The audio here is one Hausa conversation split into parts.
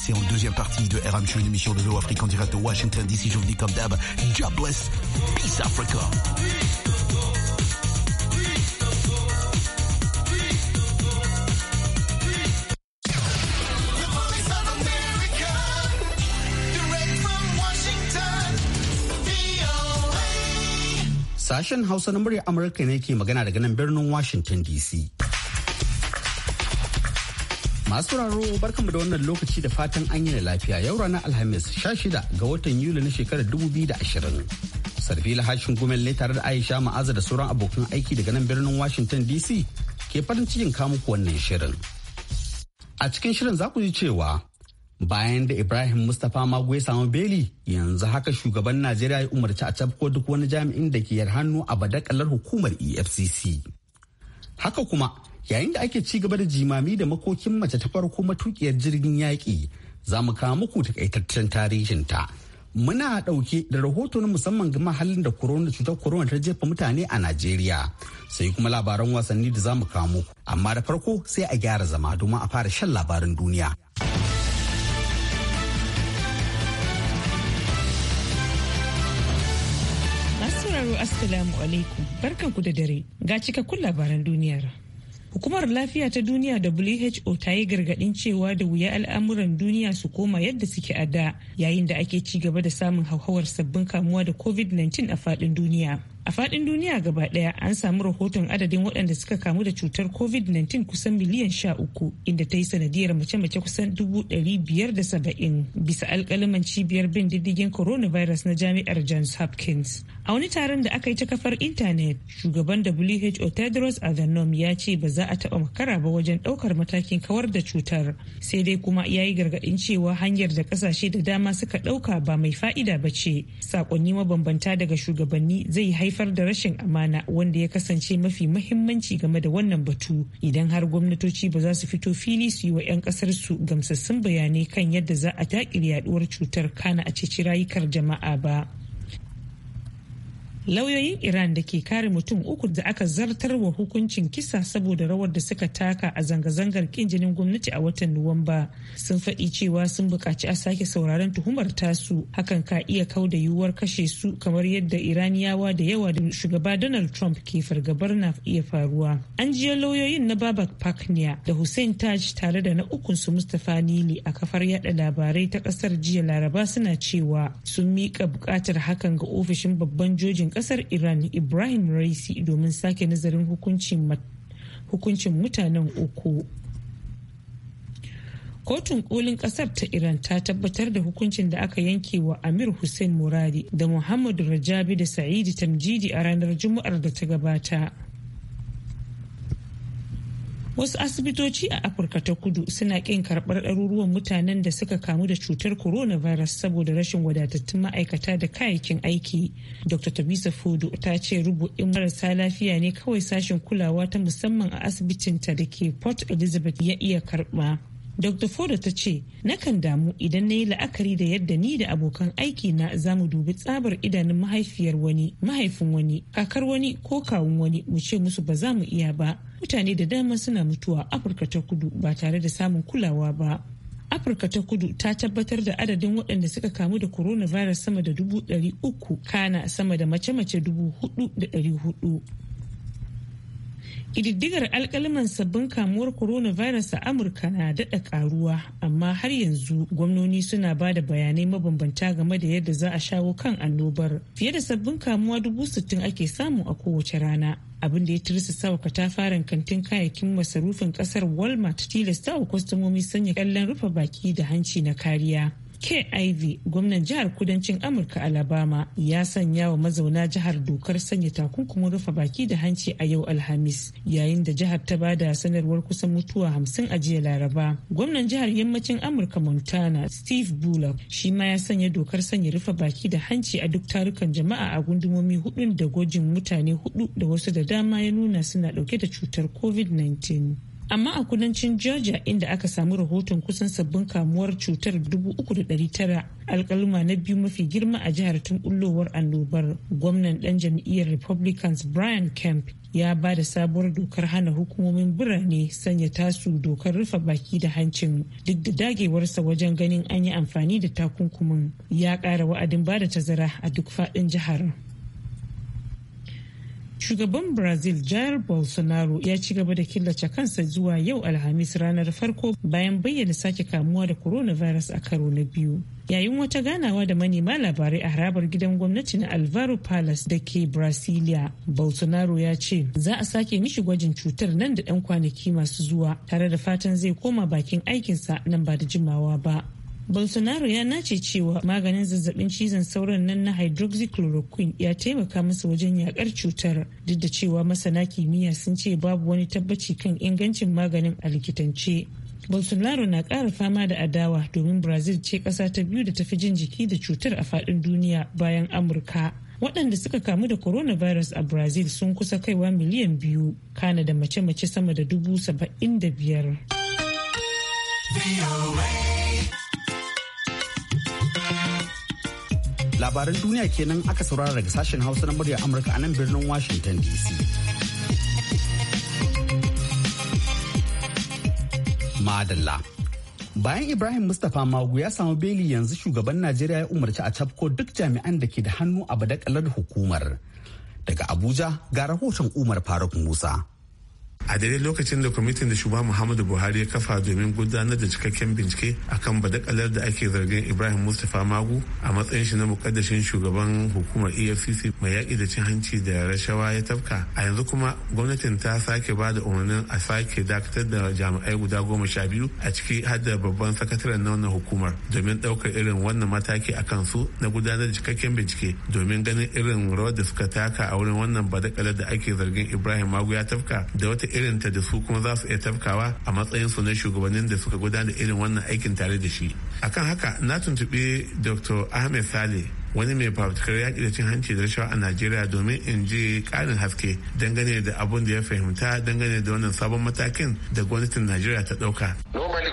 C'est en deuxième partie de RM une émission de l'eau Afrique en direct de Washington DC. Je vous dis comme d'hab, jobless, peace Africa. Sashen Hausa na murya Amurka ne ke magana daga nan birnin Washington DC. Masu raro barkanmu da wannan lokaci da fatan an yi lafiya yau ranar Alhamis sha shida ga watan Yuli na shekarar 2020. Sarfila Lahashin gumel ne tare da Aisha Ma'aza da sauran abokan aiki daga nan birnin Washington DC ke farin cikin kamuku wannan shirin. A cikin shirin za ku ji cewa bayan da Ibrahim Mustapha Mago ya samu beli yanzu haka shugaban Najeriya ya umarci a cafko duk wani jami'in da ke yar hannu a badakalar hukumar EFCC. Haka kuma yayin da ake ci gaba da jimami da makokin mace ta farko matukiyar jirgin yaƙi za mu kawo muku takaitaccen tarihinta muna ɗauke da rahoto na musamman ga mahallin da corona cutar corona ta jefa mutane a najeriya sai kuma labaran wasanni da za mu kawo muku amma da farko sai a gyara zama domin a fara shan labarin duniya Assalamu alaikum barkanku da dare ga cikakkun labaran duniyar. Hukumar lafiya ta duniya WHO ta yi gargaɗin cewa da wuya al'amuran duniya su koma yadda suke a da yayin da ake ci gaba da samun hauhawar sabbin kamuwa da COVID-19 a faɗin duniya. a faɗin duniya gaba ɗaya an samu rahoton adadin waɗanda suka kamu da cutar covid-19 kusan miliyan sha uku inda ta yi sanadiyar mace-mace kusan dubu ɗari biyar da saba'in bisa alkalaman cibiyar bin diddigin coronavirus na jami'ar johns hopkins a wani taron da aka yi ta kafar intanet shugaban who tedros adhanom ya ce ba za a taba makara ba wajen ɗaukar matakin kawar da cutar sai dai kuma ya yi gargaɗin cewa hanyar da ƙasashe da dama suka ɗauka ba mai fa'ida ba ce saƙonni mabambanta daga shugabanni zai haifa haifar da rashin amana wanda ya kasance mafi mahimmanci game da wannan batu idan har gwamnatoci ba za su fito fili su yi wa 'yan kasar su gamsassun bayanai kan yadda za a taƙi yaduwar cutar kana a ceci rayukar jama'a ba. lauyoyin iran da ke kare mutum uku da aka zartar wa hukuncin kisa saboda rawar da suka taka a zanga-zangar kin jinin gwamnati a watan nuwamba sun faɗi cewa sun buƙaci a sake sauraron tuhumar tasu hakan ka iya kau da yiwuwar kashe su kamar yadda iraniyawa da yawa da shugaba donald trump ke fargabar na iya faruwa an jiya lauyoyin na babak paknia da hussein taj tare da na ukun su mustapha nili a kafar yada labarai ta ƙasar jiya laraba suna cewa sun miƙa buƙatar hakan ga ofishin babban jojin kasar iran ibrahim raisi domin sake nazarin hukuncin mutanen uku kotun kolin kasar ta iran ta tabbatar da hukuncin da aka yanke wa amir hussein muradi da muhammadu rajabi da sa'idi tamjidi a ranar juma'ar da ta gabata wasu asibitoci a afirka ta kudu suna ƙin karɓar ɗaruruwan mutanen da suka kamu da cutar coronavirus saboda rashin wadatattun ma'aikata da kayayyakin aiki dr tabisa fudu ta ce rubu'in marasa lafiya ne kawai sashen kulawa ta musamman a asibitinta da ke port elizabeth ya iya karɓa Dr. Foda ta ce, Nakan damu idan na yi la'akari da yadda ni da abokan aiki na za mu dubi tsabar idanun mahaifiyar wani, mahaifin wani, kakar wani ko kawun wani mu ce musu ba za mu iya ba. Mutane da dama suna mutuwa Afirka ta kudu ba tare da samun kulawa ba. Afirka ta kudu ta tabbatar da adadin waɗanda suka kamu da coronavirus sama da dubu ɗari uku kana sama da mace-mace dubu hudu da ɗari hudu. Ƙididdigar alkaliman sabbin kamuwar coronavirus a Amurka na daɗa ƙaruwa, amma har yanzu gwamnoni suna ba da bayanai mabambanta game da yadda za a shawo kan annobar. Fiye da sabbin kamuwa dubu sittin ake samu a kowace rana. abin da ya sauka sawa katafaren kantin kayayyakin masarufin kasar walmart tilasta wa kwastomomi sanya kallon rufe baki da hanci na kariya KIV gwamnan jihar kudancin Amurka Alabama ya sanya wa mazauna jihar dokar sanya takunkumin rufe baki da hanci a yau Alhamis yayin da jihar ta bada sanarwar kusan mutuwa hamsin a jiya Laraba. Gwamnan jihar yammacin Amurka Montana Steve Bullock shi ma ya sanya dokar sanya rufe baki da hanci a duk tarukan jama'a a gundumomi hudun da gwajin mutane hudu da wasu da dama ya nuna suna dauke da cutar COVID-19. amma a kudancin georgia inda aka samu rahoton kusan sabbin kamuwar cutar 3,900 alkaluma na biyu mafi girma a jihar tun kullowar annobar gwamnan dan jam'iyyar republicans brian kemp ya ba da sabuwar dokar hana hukumomin birane sanya tasu dokar rufe baki da hancin duk da dagewarsa wajen ganin an yi amfani da takunkumin ya ƙara wa'adin ba da tazara a duk faɗin jihar Shugaban Brazil Jair Bolsonaro ya ci gaba da killace kansa zuwa yau Alhamis ranar farko bayan bayyana sake kamuwa da coronavirus a karo na biyu. Yayin wata ganawa da manema labarai a harabar gidan gwamnati na Alvaro Palace da ke Brasilia, Bolsonaro ya ce za a sake mishi gwajin cutar nan da 'yan kwanaki masu zuwa tare da fatan zai koma bakin aikinsa nan ba da jimawa ba. Bolsonaro ya nace cewa maganin zazzabin cizon sauran nan na hydroxychloroquine ya taimaka masa wajen yakar cutar duk da cewa masana kimiyya sun ce babu wani tabbaci kan ingancin maganin a likitance. Bolsonaro na ƙara fama da adawa domin Brazil ce ƙasa ta biyu da tafi jin jiki da cutar a faɗin duniya bayan Amurka. waɗanda suka kamu da coronavirus a brazil sun kusa kaiwa miliyan biyu kana da mace-mace sama da dubu saba'in da biyar. labaran duniya kenan aka saurara daga sashen hausa na muryar amurka a nan birnin washington dc madalla bayan ibrahim mustapha magu ya samu beli yanzu shugaban najeriya ya umarci a cafko duk jami'an da ke da hannu a badakalar hukumar daga abuja ga rahoton umar faruk musa a daidai lokacin da kwamitin da shugaba muhammadu buhari ya kafa domin gudanar da cikakken bincike akan badakalar da ake zargin ibrahim mustapha magu a matsayin shi na mukaddashin shugaban hukumar efcc mai yaƙi da cin hanci da rashawa ya tafka a yanzu kuma gwamnatin ta sake ba da umarnin a sake dakatar da jami'ai guda goma sha biyu a ciki har da babban sakataren na wannan hukumar domin ɗaukar irin wannan mataki a su na gudanar da cikakken bincike domin ganin irin rawar da suka taka a wurin wannan badakalar da ake zargin ibrahim magu ya tafka da wata irinta da su kuma za su iya tafkawa a matsayin su na shugabannin da suka gudanar irin wannan aikin tare da shi akan haka na tuntuɓi dr ahmed sale wani mai fafutukar yaƙi da cin hanci da rashawa a najeriya domin in ji ƙarin haske dangane da abun da ya fahimta dangane da wannan sabon matakin da gwamnatin najeriya ta ɗauka. normally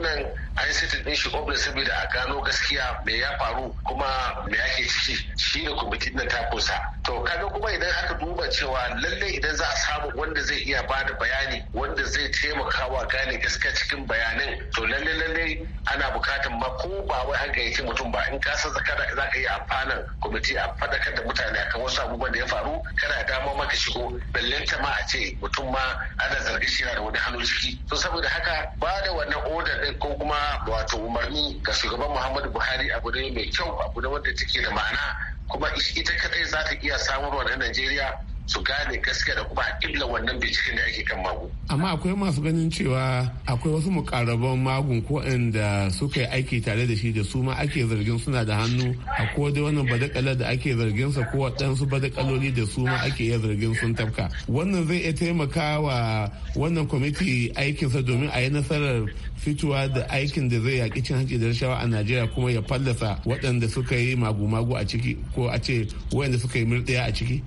nan an sitin din shi obin saboda a gano gaskiya me ya faru kuma me ake ciki shi ne kwamitin na takusa to kaga kuma idan aka duba cewa lallai idan za a samu wanda zai iya ba da bayani wanda zai taimaka wa gane gaskiya cikin bayanin to lallai lallai ana bukatan ma ko ba wai an gayyaci mutum ba in ka san zaka za ka yi amfanin kwamiti a fadakar da mutane a kan wasu abubuwan da ya faru kana dama maka shigo lallenta ma a ce mutum ma ana zargi shi da wani hannu ciki to saboda haka ba da wannan odar din ko kuma wato umarni ga shugaban muhammadu buhari abu ne mai kyau abu ne wanda take da ma'ana kuma ita kadai za ta iya samarwa na najeriya su gane gaskiya da kuma illa wannan binciken da ake kan magu. Amma akwai masu ganin cewa akwai wasu mukarraban magun ko inda suka yi aiki tare da shi da su ma ake zargin suna da hannu a ko dai wannan badakalar da ake zargin sa ko waɗansu badakaloli da su ma ake iya zargin sun tafka. Wannan zai iya taimaka wa wannan kwamiti aikinsa domin a yi nasarar fitowa da aikin da zai yaƙi cin hanci da rashawa a Najeriya kuma ya fallasa waɗanda suka yi magu-magu a ciki ko a ce waɗanda suka yi murɗiya a ciki.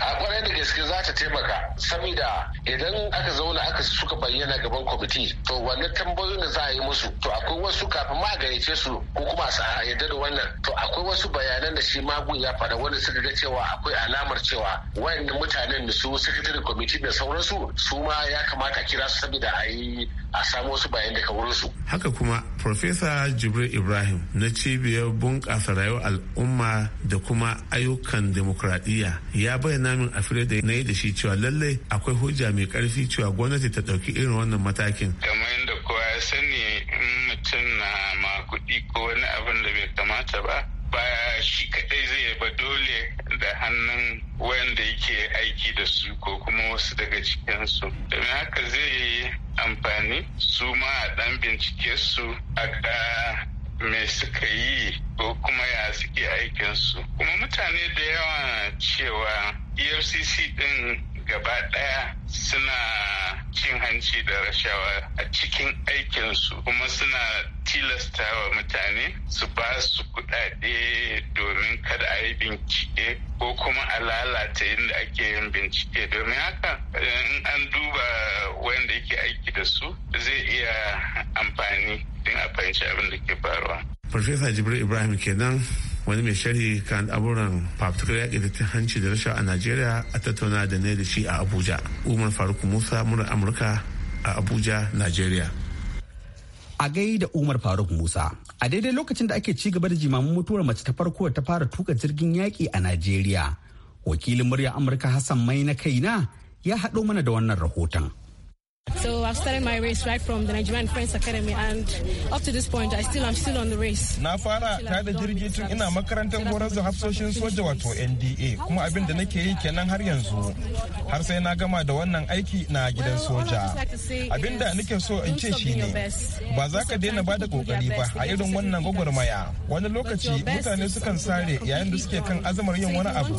a kwarai da gaske za ta taimaka saboda idan aka zauna aka suka bayyana gaban kwamiti to wannan tambayoyin da za a yi musu to akwai wasu kafin ma gayyace su ko kuma su yadda da wannan to akwai wasu bayanan da shi magun ya faɗa wanda suka ga cewa akwai alamar cewa wayannan mutanen da su sakatare kwamiti da sauransu su ma ya kamata kira su saboda a yi a samu wasu bayan daga wurinsu. Haka kuma Profesa Jibril Ibrahim na cibiyar bunƙasa rayuwar al'umma da kuma ayyukan demokradiyya ya bayyana min a da na yi da shi cewa lallai akwai hujja mai karfi cewa gwamnati ta ɗauki irin wannan matakin. Kamar yadda kowa ya sani in mutum na ma kuɗi ko wani abin da bai kamata ba ba shi kaɗai zai ba dole da hannun wanda yake aiki da su ko kuma wasu daga cikinsu. Domin haka zai yi amfani su ma a ɗan bincike su a ga me suka yi ko kuma ya suke aikinsu kuma mutane da yawa cewa efcc ɗin gaba daya suna cin hanci da rashawa a cikin aikinsu kuma suna tilasta wa mutane su ba su kudade domin kada a yi bincike ko kuma a lalata inda ake yin bincike domin haka in an duba wanda yake aiki da su zai iya amfani din a fahimci abin da ke faruwa. Farfesa Jibril Ibrahim kenan wani mai sharhi kan aburan fafutukar yaƙi da ta hanci da rashawa a Najeriya a tattauna da ne da shi a Abuja. Umar Faruk Musa murar Amurka a Abuja, Najeriya. a gai da Umar Faruk Musa. A daidai lokacin da ake ci gaba da jimamin mutuwar mace ta farko ta fara tuka jirgin yaƙi a Najeriya. Wakilin murya Amurka Hassan Mai na kaina ya haɗo mana da wannan rahoton. So I've started my race right from the Nigerian Friends Academy and up to this point I still am still on the race. Na fara ta da jirgi tun ina makarantar horar da hafsoshin soja wato NDA kuma abin da nake yi kenan har yanzu har sai na gama da wannan aiki na gidan soja. Abin da nake so in ce shine ba za ka daina bada kokari ba a irin wannan gwagwarmaya. Wani lokaci mutane sukan sare yayin da suke kan azumar yin wani abu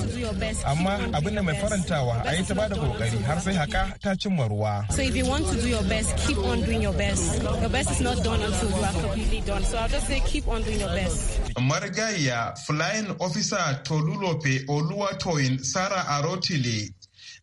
amma abin da mai farantawa a yi ta bada kokari har sai haka ta cimma ruwa. want to do your best, keep on doing your best. Your best is not done until you are completely done. So I'll just say keep on doing your best. Flying Officer Tolulope Oluwatoyin Sara Arotile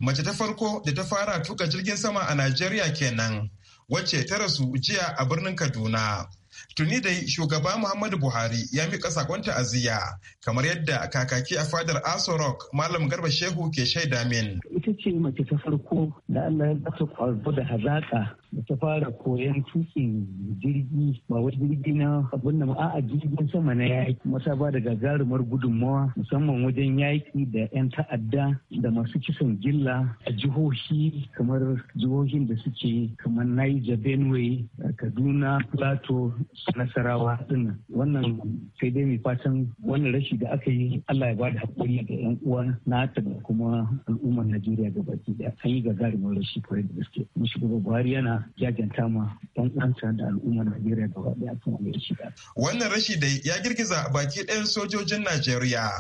mace ta farko da ta fara tuka jirgin sama a Najeriya kenan wacce ta rasu jiya a birnin Kaduna. tuni dai shugaba muhammadu buhari ya miƙa sakon ta'aziyya kamar yadda kakaki a fadar aso rock malam garba shehu ke shaida min ita ce mace ta farko da allah ya zata kwarbu da hazaƙa da ta fara koyon tukin jirgi ba wai jirgi na abin da a'a jirgin sama na yaƙi masa ba da gagarumar gudunmawa musamman wajen yaƙi da 'yan ta'adda da masu kisan gilla a jihohi kamar jihohin da suke kamar Niger Benue Kaduna Plato Nasarawa din wannan sai dai mai fatan wannan rashi da aka yi Allah ya ba da hakuri ga 'yan uwa nata da kuma al'ummar Najeriya gabaki da. an yi gagarumar rashi kwarai da gaske. Mu shugaba Buhari yana ƙara jajanta ma ɗan da al'ummar Najeriya da ɗaya akan wanda ya shiga. Wannan rashi da ya girgiza baki ɗayan sojojin Najeriya.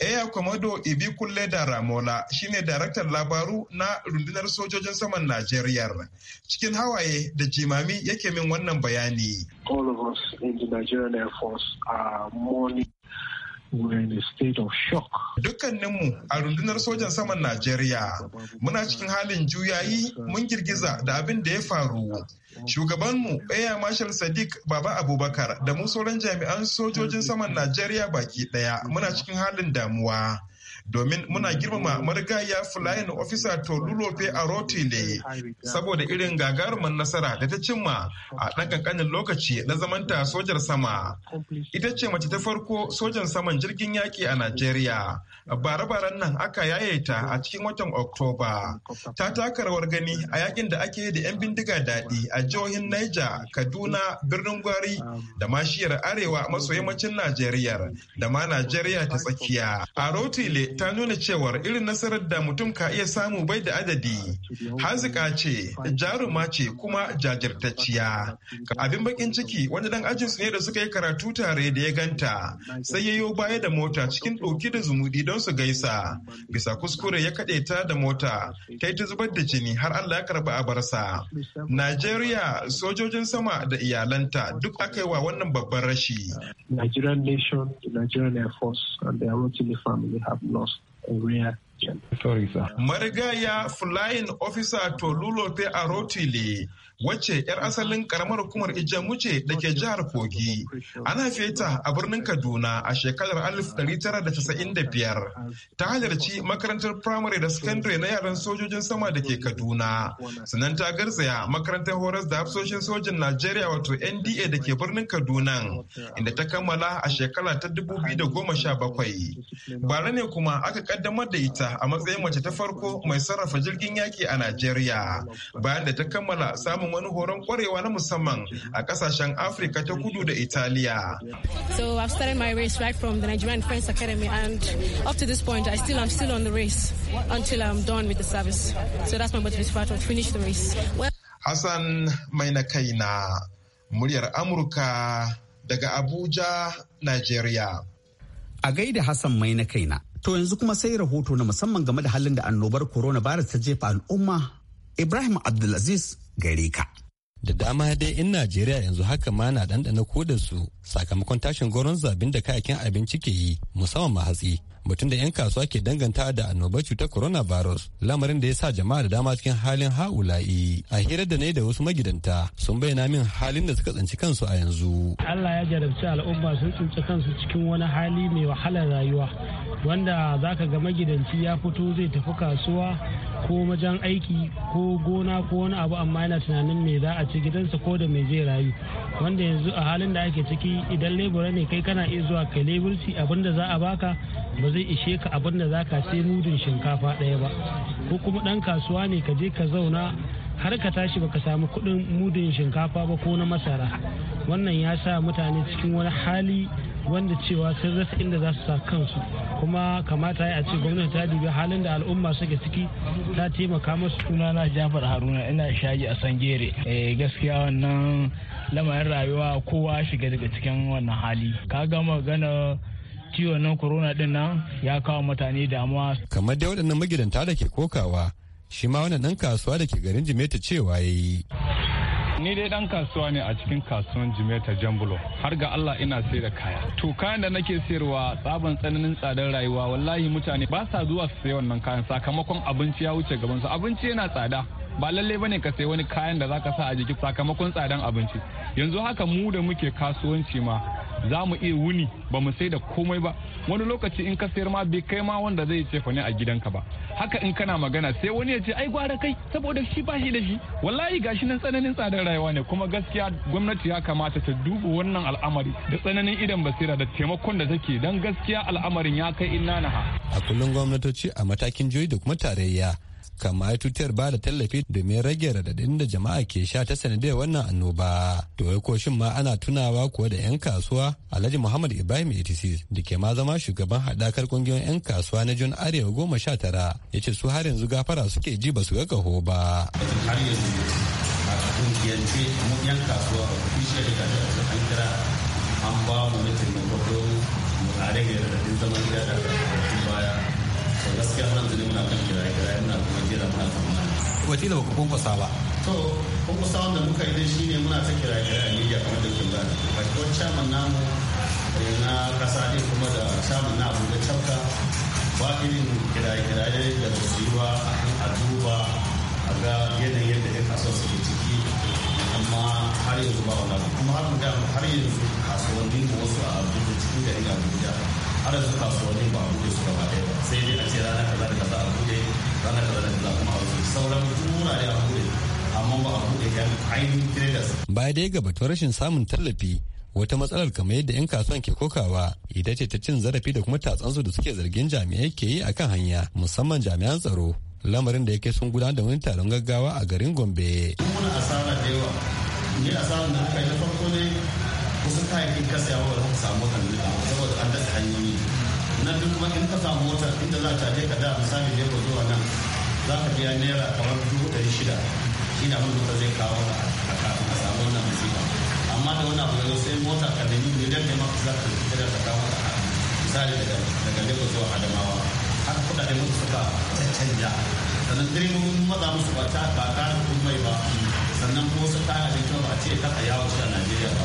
Eya Komodo Ibi Kulle da Ramola shine daraktan labaru na rundunar sojojin saman Najeriya. Cikin hawaye da jimami yake min wannan bayani. All of us in the Nigerian Air Force are mourning were in a state of Dukkaninmu a rundunar sojan saman Najeriya muna cikin halin juyayi mun girgiza da abin da ya faru. Shugabanmu Air Marshal Sadiq Baba Abubakar da mu sauran jami'an sojojin saman Najeriya baki daya muna cikin halin damuwa. domin muna girmama marigaya ofisa to tolulope a rotile saboda irin gagarumar nasara da ta cimma a ɗan ƙanƙanin lokaci na zamanta sojar sama ita ce mace ta farko sojan saman jirgin yaƙi a najeriya Bara-baran nan aka yaye a cikin watan oktoba ta taka rawar gani a yakin da ake da 'yan bindiga daɗi a jihohin niger kaduna birnin gwari da mashiyar arewa maso yammacin najeriya da ma najeriya ta tsakiya a rotile ta nuna cewar irin nasarar da mutum ka iya samu bai da adadi. Hazika ce, jaruma ce kuma jajirtacciya. Abin bakin ciki wani dan su ne da suka yi karatu tare da ya ganta, sai ya baya da mota cikin ɗauki da zumudi don su gaisa. Bisa kuskure ya kaɗe ta da mota, ta yi ta zubar da jini har Allah ya a abarsa. Najeriya, sojojin sama da iyalanta duk aka yi wa wannan babban rashi. Nigerian nation, the Nigerian Air Force and their family have lost area Marigaya Flying Officer Tolulope Arotile wacce 'yar asalin karamar hukumar ijamuce da ke jihar kogi Ana haife ta a birnin kaduna a shekarar 1995 ta halarci makarantar Primary da Secondary na yaran sojojin sama da ke kaduna sannan ta garzaya makarantar horas da hafsoshin sojin najeriya wato nda da ke birnin kaduna inda ta kammala a shekara ta 2017 bara ne kuma aka kaddamar da ita a matsayin mace ta farko mai sarrafa jirgin yaki a najeriya bayan da ta kammala samun samun wani horon kwarewa na musamman a kasashen Afrika ta kudu da Italiya. So I've started my race right from the Nigerian Friends Academy and up to this point I still am still on the race until I'm done with the service. So that's my motivation for to finish the race. Well Hassan mai na na muryar Amurka daga Abuja, Nigeria. A gaida Hassan mai na na, To yanzu kuma sai rahoto na musamman game da halin da annobar coronavirus ta jefa al'umma Ibrahim Abdulaziz gare ka. Da dama dai in Najeriya yanzu haka ma na ɗanɗana ko da su sakamakon tashin goron zabin da kayakin abinci ke yi musamman ma hatsi. mutum da 'yan kasuwa ke danganta da annobar cutar coronavirus lamarin da ya sa jama'a da dama cikin halin ha'ula'i a hirar da ne da wasu magidanta sun bayyana min halin da suka tsinci kansu a yanzu Allah ya jarabci al'umma sun tsinci kansu cikin wani hali mai wahalar rayuwa wanda zaka ga magidanci ya fito zai tafi kasuwa ko majan aiki ko gona ko wani abu amma yana tunanin me za a ci gidansa ko da me zai rayu wanda yanzu a halin da ake ciki idan lebura ne kai kana iya zuwa kai leburci abinda za a baka ba zai ishe ka abin da za ka sai mudun shinkafa ɗaya ba ko kuma ɗan kasuwa ne ka je ka zauna har ka tashi baka samu kuɗin mudin shinkafa ba ko na masara wannan ya sa mutane cikin wani hali wanda cewa sun rasa inda za su sa kansu kuma kamata ya ce gwamnati ta dubi halin da al'umma suke ciki ta taimaka masu na jafar haruna ina shaji a sangere eh, gaskiya wannan lamarin rayuwa kowa shiga daga cikin wannan hali ka gama gana ciwon nan corona din nan ya kawo mutane damuwa. Kamar dai waɗannan magidanta da ke kokawa, shi ma wannan ɗan kasuwa da ke garin Jimeta cewa ya yi. Ni dai ɗan kasuwa ne a cikin kasuwan Jimeta Jambulo, har ga Allah ina sai da kaya. To kayan da nake sayarwa tsaban tsananin tsadar rayuwa wallahi mutane ba sa zuwa su sayi wannan kayan sakamakon abinci ya wuce gaban su abinci yana tsada. ba lalle bane ka sai wani kayan da zaka sa a jiki sakamakon tsadan abinci yanzu haka mu da muke kasuwanci ma za mu iya wuni ba mu sai da komai ba wani lokaci in ka sayar ma bai kai ma wanda zai ce fa ne a gidanka ba haka in kana magana sai wani ya ce ai gwara kai saboda shi ba shi da shi wallahi gashi nan tsananin tsadar rayuwa ne kuma gaskiya gwamnati ya kamata ta duba wannan al'amari da tsananin idan basira da taimakon da take dan gaskiya al'amarin ya kai inna naha a kullum gwamnatoci a matakin jihohi da kuma tarayya kama ya tutiyar ba da tallafi domin rage radadin da jama'a ke sha ta sanadiyar wannan annoba to ko koshin ma ana tunawa kuwa da 'yan kasuwa alhaji muhammad ibrahim etc da ke ma zama shugaban haɗakar kungiyoyin 'yan kasuwa na jun arewa goma sha tara ya ce su har yanzu gafara suke ji ba su ga kaho ba har yanzu a ƙungiyance mu 'yan kasuwa official da an kira an ba mu na kwakwa mu tare da radadin zaman gida da baya to gaskiya nan zane muna kan kira kira yana kuma wataƙila ba ku kwankwasa ba. to kwankwasa wanda muka yi shi ne muna ta kira kira a miliyar kamar da kin bani bakiwar chairman namu eh, na kasa ne kuma da chairman na abu da cafka ba irin kira kira ne da ba su yi ba a duba a ga yanayin yadda ya kasuwa ke ciki amma har yanzu ba wani kuma har da har yanzu kasuwannin da wasu a abuja cikin gari abuja har yanzu kasuwannin ba abuja su gaba ɗaya ba sai dai a ce rana kaza da kaza a abuja ranar da ranar da kuma a wasu sauran wurare a buɗe amma ba a buɗe yan ainihin traders. baya dai ya batun rashin samun tallafi wata matsalar kamar yadda 'yan kasuwan ke kokawa ita ce ta cin zarafi da kuma tatsansu da suke zargin jami'ai ke yi akan hanya musamman jami'an tsaro lamarin da yake sun gudanar da wani taron gaggawa a garin gombe muna asara da yawa ne asara da aka yi na farko ne wasu kayayyakin kasa yawa da samu kan kuma in ka samu motar inda za a caje ka da misali ne ko zuwa nan za ka biya naira kamar dubu ɗari shida shi na abin da zai kawo a kafin ka samu wannan musiba amma da wani abu da sai mota ka nemi miliyan da maka za ka fita da ka kawo a misali daga daga ko zuwa adamawa haka kuɗaɗe mun suka canja sannan direbobin maza musu ba ta ba ta mai ba sannan kuma su kaya abinci ba a ce ta a yawo shi a najeriya ba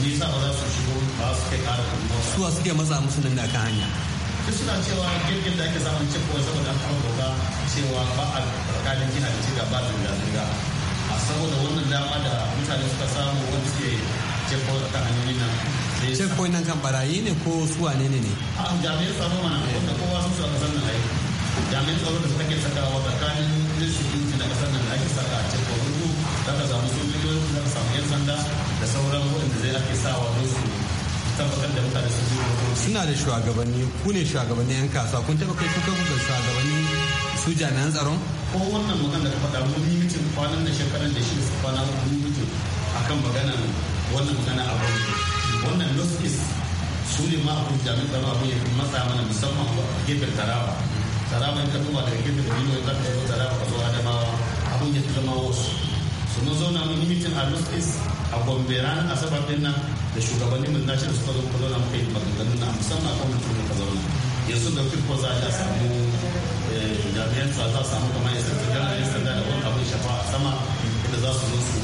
nisa ba za su shigo ba su kai ƙara kuma suwa suke maza musu nan da ka hanya duk suna cewa girgin da ake samun cikin kawai saboda an kama doka cewa ba a kalin gina da cika ba zirga zirga a saboda wannan dama da mutane suka samu wanda suke cin kawai ta hanyoyi na nan cin nan kan barayi ne ko suwa ne ne ne a jami'in tsaro mana wanda kowa sun suka san nan aiki jami'in tsaro da take wa tsakanin institute na kasar nan da ake saka a cin kawai za ka samu sojoji za ka samu yan sanda da sauran waɗanda zai ake sawa don su tabbatar da mutane su ji suna da shugabanni ku ne shugabanni yan kasuwa kun taba kai kuka ga shugabanni su jami'an tsaron ko wannan magana da faɗa mun yi mutum kwanan da shekaran da shi su kwana mun yi mutum akan magana wannan magana a wani wannan loskis su ne ma abin jami'an tsaron abin ya fi matsa mana musamman a gefen taraba taraba in ka duba daga gefen da biyu za kai zo taraba ka zo adamawa abun ya fi zama wasu su mun zauna mun yi mutum a loskis a gombe ranar asabar din nan da shugabannin mu nashi da suka zo muka zauna muka yi maganganun na musamman akan mutum muka zauna yanzu da kirko za a samu eh, jami'an tsaro za a samu kamar ya sanda da ya sanda da wani abin shafa a sama inda za su zo su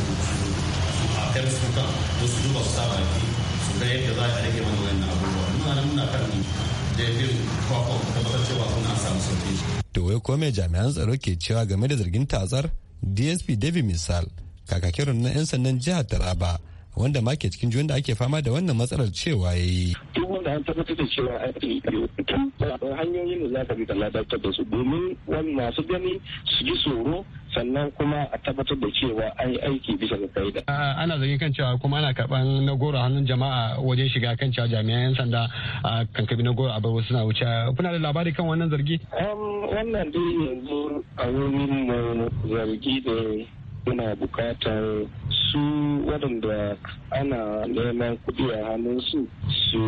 a kan su kan su duba su tara ki su ga yadda za a rage mana wannan abubuwa muna nan muna kan da bin kwakwa ta bata cewa kuna samu sauki. To wai ko mai jami'an tsaro ke cewa game da zargin tazar DSP David Misal kakakin na 'yan sandan jihar Taraba wanda ma ke cikin juyin da ake fama da wannan matsalar cewa ya yi. Duk wanda an tabbatar da cewa an yi akwai hanyoyin da za ka bi ka ladarta da su domin wani masu gani su ji tsoro sannan kuma a tabbatar da cewa an yi aiki bisa ga ka'ida. Ana zargin kan cewa kuma ana karɓan na goro hannun jama'a wajen shiga kan cewa jami'an 'yan sanda a kankabi na goro a bar suna wuce. Kuna da labari kan wannan zargi? Wannan dai yanzu a wurin mu zargi da muna bukatar su waɗanda ana neman kuɗi a hannunsu su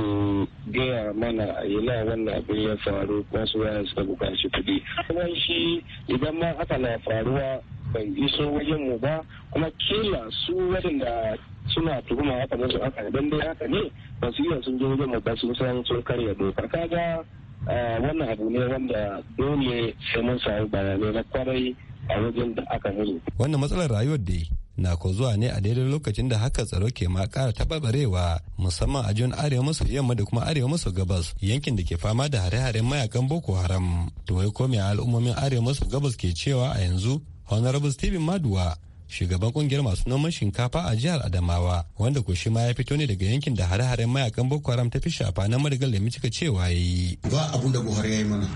gaya mana a yi na wannan abin ya faru kuma su wayan suka buƙaci kuɗi. Kuma shi idan ma haka na faruwa bai iso wajen mu ba kuma kila su waɗanda suna tuhuma haka musu haka idan dai haka ne ba su iya sun je wajen mu ba su san sun karya doka kaga wannan abu ne wanda dole sai mun samu bayanai na kwarai a wajen da aka yi. Wannan matsalar rayuwar da na ko zuwa ne a daidai lokacin da haka tsaro ke ma kara tababarewa musamman a jihun arewa maso yamma da kuma arewa maso gabas yankin da ke fama da hare-haren mayakan boko haram to wai ko me al'ummomin arewa maso gabas ke cewa a yanzu honorable stephen maduwa shugaban kungiyar masu noman shinkafa a jihar adamawa wanda ko shi ma ya fito ne daga yankin da hare-haren mayakan boko haram ta fi shafa na madagal da cika cewa ya yi ba abun da buhari ya yi mana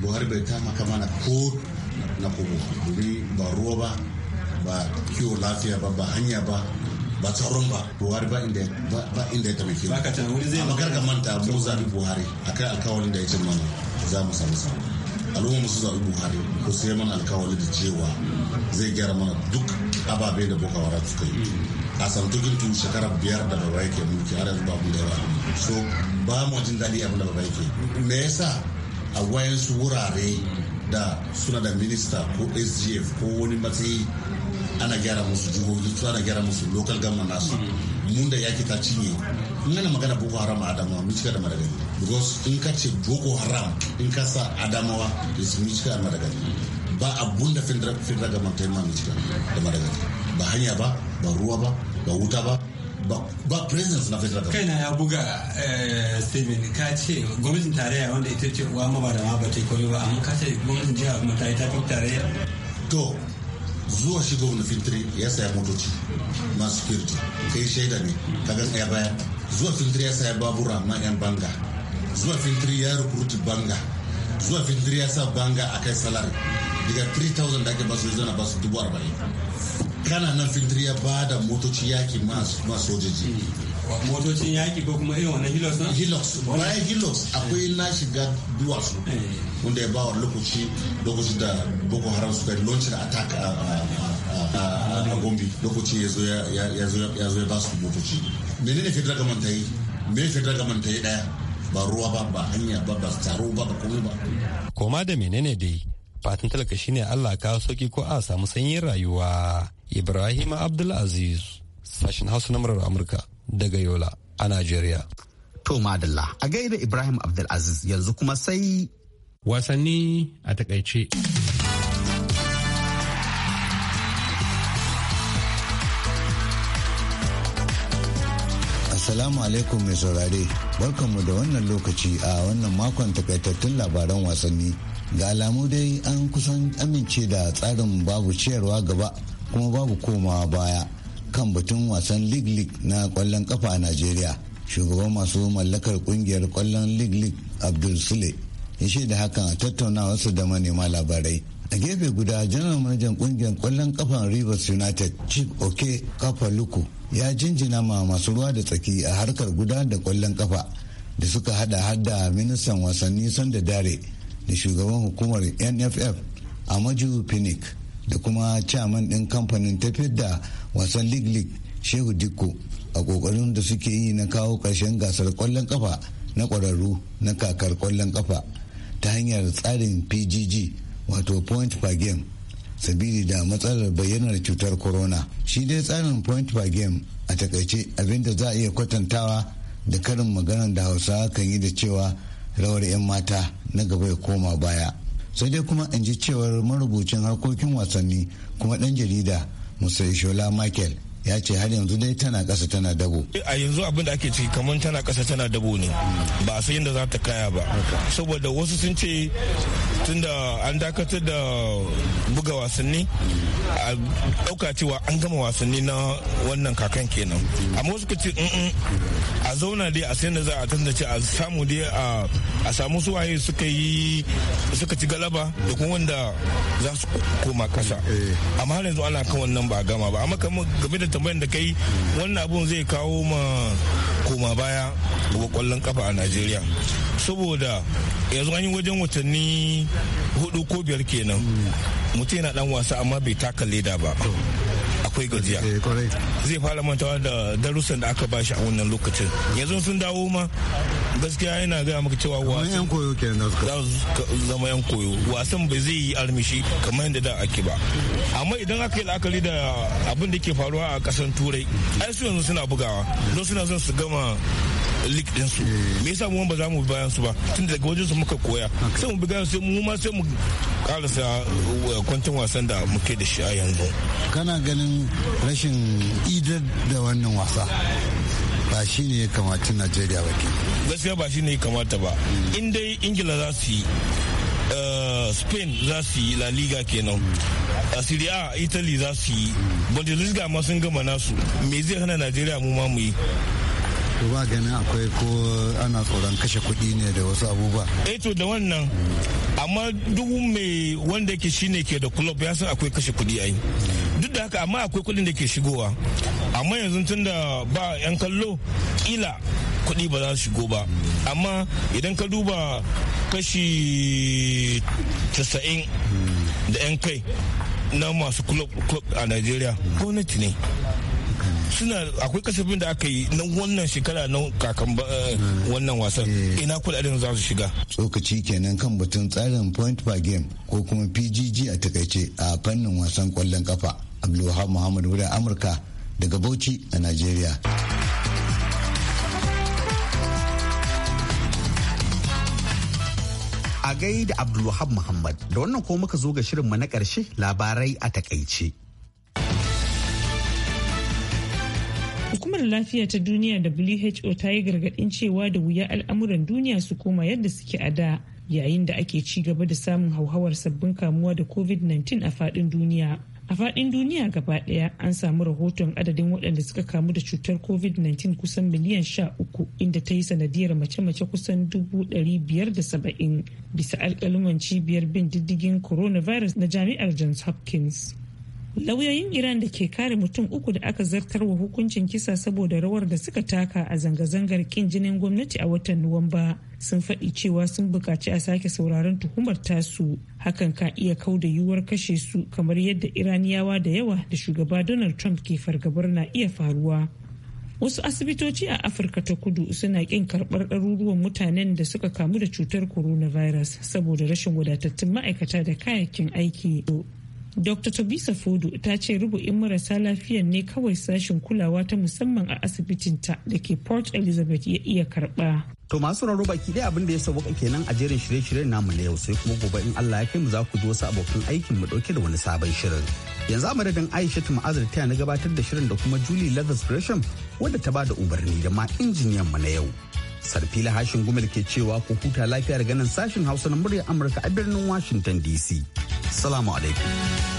buhari bai ta maka na ko na kogo ba ruwa ba ba kiwo lafiya ba ba hanya ba ba tsaron ba buhari ba inda ba inda ya taimake ba ka wuri zai amma karka manta mu zabi buhari akai alkawarin da ya ce mana za mu samu samu al'umma musu zabi buhari ko sai mana alkawarin da cewa zai gyara mana duk ababe da boko haram suka yi a santokin tun shekara biyar da baba yake mulki har yanzu babu da yawa so ba mu jin daɗi abin da baba yake me yasa a wayansu wurare da suna da minista ko sgf ko wani matsayi ana gyara musu jihohi su ana gyara musu local government nasu mun da yaki ta cinye in ana magana boko haram a adamawa mun cika da madagali because in ka ce boko haram in ka sa adamawa da su cika da madagali ba abun da federal government ta yi mun cika da madagali ba hanya ba ba ruwa ba ba wuta ba ba presence na federal government na ya buga eh, steven ka ce gwamnatin tarayya wanda ita ce uwa mabada ma ba ta yi ba amma ka ce gwamnatin jihar kuma ta yi tafi tarayya to zuwa shi na filtri ya saya motoci masu security kai shaida ne gan ya baya zuwa filtri ya saya babura ma yan banga zuwa filtri ya rukurutu banga zuwa filtri ya sa banga a kai salari daga 3000 da ake basu yanzu na basu dubu arba'in kana nan filtri ya ba da motoci yaki masu sojoji motocin yaki ko kuma irin wannan hilos na hilos bayan hilos akwai na shiga duwatsu eh. wanda ya ba wa lokaci lokaci da boko haram suka yi launching attack a gombe lokaci ya zo ya ba su motoci menene federal government ta yi menene federal government ta yi daya ba ruwa ba ba hanya ba ba tsaro ba ba komai ba koma da menene dai fatan talaka shine Allah ka soki ko a samu sanyin rayuwa Ibrahim Abdulaziz sashen Hausa na murar Amurka daga Yola a Najeriya. To Madalla, a gaida Ibrahim Abdulaziz yanzu kuma sai. Wasanni a takaice. asalamu alaikum mai saurare, barkanmu da wannan lokaci a wannan makon takaitattun labaran wasanni. Ga alamu dai an kusan amince da tsarin babu ciyarwa gaba kuma babu komawa baya. kan batun wasan league league na kwallon kafa a najeriya shugaban masu mallakar kungiyar kwallon league league abdul sule ya shaida hakan a tattaunawarsa da manema labarai a gefe guda janar manajan kungiyar kwallon kafan rivers united chief oke kafaluku ya jinjina ma masu ruwa da tsaki a harkar guda da kwallon kafa da suka hada hada ministan wasanni sanda dare da shugaban hukumar nff amaju phoenix da kuma chairman ɗin kamfanin tafiyar da wasan league league shehu dikko a kokarin da suke yi na kawo ƙarshen gasar kwallon kafa na ƙwararru na kakar kwallon kafa ta hanyar tsarin pgg wato point per game sabili da matsalar bayyanar cutar corona shi dai tsarin point per game a takaice abinda za a iya kwatantawa da karin maganar da hausawa kan yi da cewa rawar 'yan mata na gaba ya koma baya sai dai kuma in ji cewar marubucin harkokin wasanni kuma ɗan jarida musa shola michael ya ce har yanzu dai tana ƙasa tana dabo a yanzu abin da ake ciki kamar tana ƙasa tana dabo ne ba san yadda za ta kaya ba saboda wasu sun ce tunda an dakatar da buga wasanni a ɗauka cewa an gama wasanni na wannan kakan kenan amma wasu ce mm, mm, a zauna dai a sayan da za a tantance a samu dai a samu suwaye suka yi suka ci galaba da kuma wanda za su koma kasa eh. amma har yanzu ana kan wannan ba gama ba amma game da tambayan da kai wannan abun zai kawo ma koma baya ga kwallon kafa a najeriya saboda yanzu an yi wajen watanni hudu ko biyar kenan mutum yana dan wasa amma bai taka leda ba akwai gajiya eh, zai fara mantawa da darussan da aka bashi a wannan lokacin yanzu sun dawo ma gaskiya yana gaya maka cewa wasan koyo zama yan koyo wasan ba zai yi armishi kamar yadda da ake ba amma idan aka yi la'akari da abin da ke faruwa a kasan turai ai su yanzu suna bugawa don suna son su gama lik din su eh. me yasa mu ba za mu bayan su ba tun daga wajen su muka koya sai mu bi sai mu ma sai mu karasa uh, kwantin wasan da muke da shi a yanzu kana ganin rashin idar da wannan wasa ba shi ne kamata najeriya ba ke gaskiya ba shi ne kamata ba hmm. in dai ingila za su yi uh, spain za su yi la liga kenan hmm. a syria italy za su yi hmm. bundesliga ma sun gama nasu me zai hana najeriya mu ma mu yi to ba gani akwai ko ana tsoron kashe kuɗi ne da wasu abubuwa eh to da wannan amma duk mai wanda yake shine ke da club ya san akwai kashe kuɗi ai duk da haka amma akwai kuɗin da ke shigowa amma yanzu tun da ba 'yan kallo kila kuɗi ba za su shigo ba amma idan ka duba kashi tasa'in da 'yan kai na masu club a nigeria gwamnati ne suna akwai kasafin da aka yi na wannan shekara na kakan eh, wannan wasan eh. ina kudaden za su shiga tsokaci kenan kan batun tsarin point per game ko kuma pgg a takaice a fannin wasan kwallon kafa abdulwahab muhammad wurin amurka daga bauchi a nigeria a gaida abdulwahab muhammad da wannan ko muka zo ga shirinmu na ƙarshe labarai a takaice Jami'ar lafiya ta duniya who ta yi gargaɗin cewa da wuya al'amuran duniya su koma yadda suke a da yayin da ake ci gaba da samun hauhawar sabbin kamuwa da covid-19 a faɗin duniya a faɗin duniya gaba ɗaya an samu rahoton adadin waɗanda suka kamu da cutar covid-19 kusan miliyan sha uku inda ta yi sanadiyar mace-mace kusan dubu ɗari biyar da saba'in bisa alƙaluman cibiyar bin diddigin coronavirus na jami'ar johns hopkins lauyoyin iran da ke kare mutum uku da aka zartar wa hukuncin kisa saboda rawar da suka taka a zanga-zangar kin jinin gwamnati a watan nuwamba sun faɗi cewa sun buƙaci a sake sauraron tuhumar tasu hakan ka iya kau da yiwuwar kashe su kamar yadda iraniyawa da yawa da shugaba donald trump ke fargabar na iya faruwa wasu asibitoci a afirka ta kudu suna ƙin karɓar ɗaruruwan mutanen da suka kamu da cutar coronavirus saboda rashin wadatattun ma'aikata da kayakin aiki Dr. Tobisa Fudu ta ce rubu'in marasa lafiyan ne kawai sashen kulawa ta musamman a asibitinta da ke Port Elizabeth ya iya karba. To masu raro baki dai abin da ya sauka kenan a jerin shirye-shiryen namu na yau sai kuma gobe in Allah ya kai mu za ku ji wasu abokan aikin mu dauke da wani sabon shirin. Yanzu a madadin Aisha Ma'azir ta na gabatar da shirin da kuma Julie Leathers Gresham wadda ta bada umarni da ma injiniyan mu na yau. Sarfila hashin gumel ke cewa ku huta lafiya daga nan sashin Hausa na muryar Amurka a birnin Washington DC. Salamu alaikum.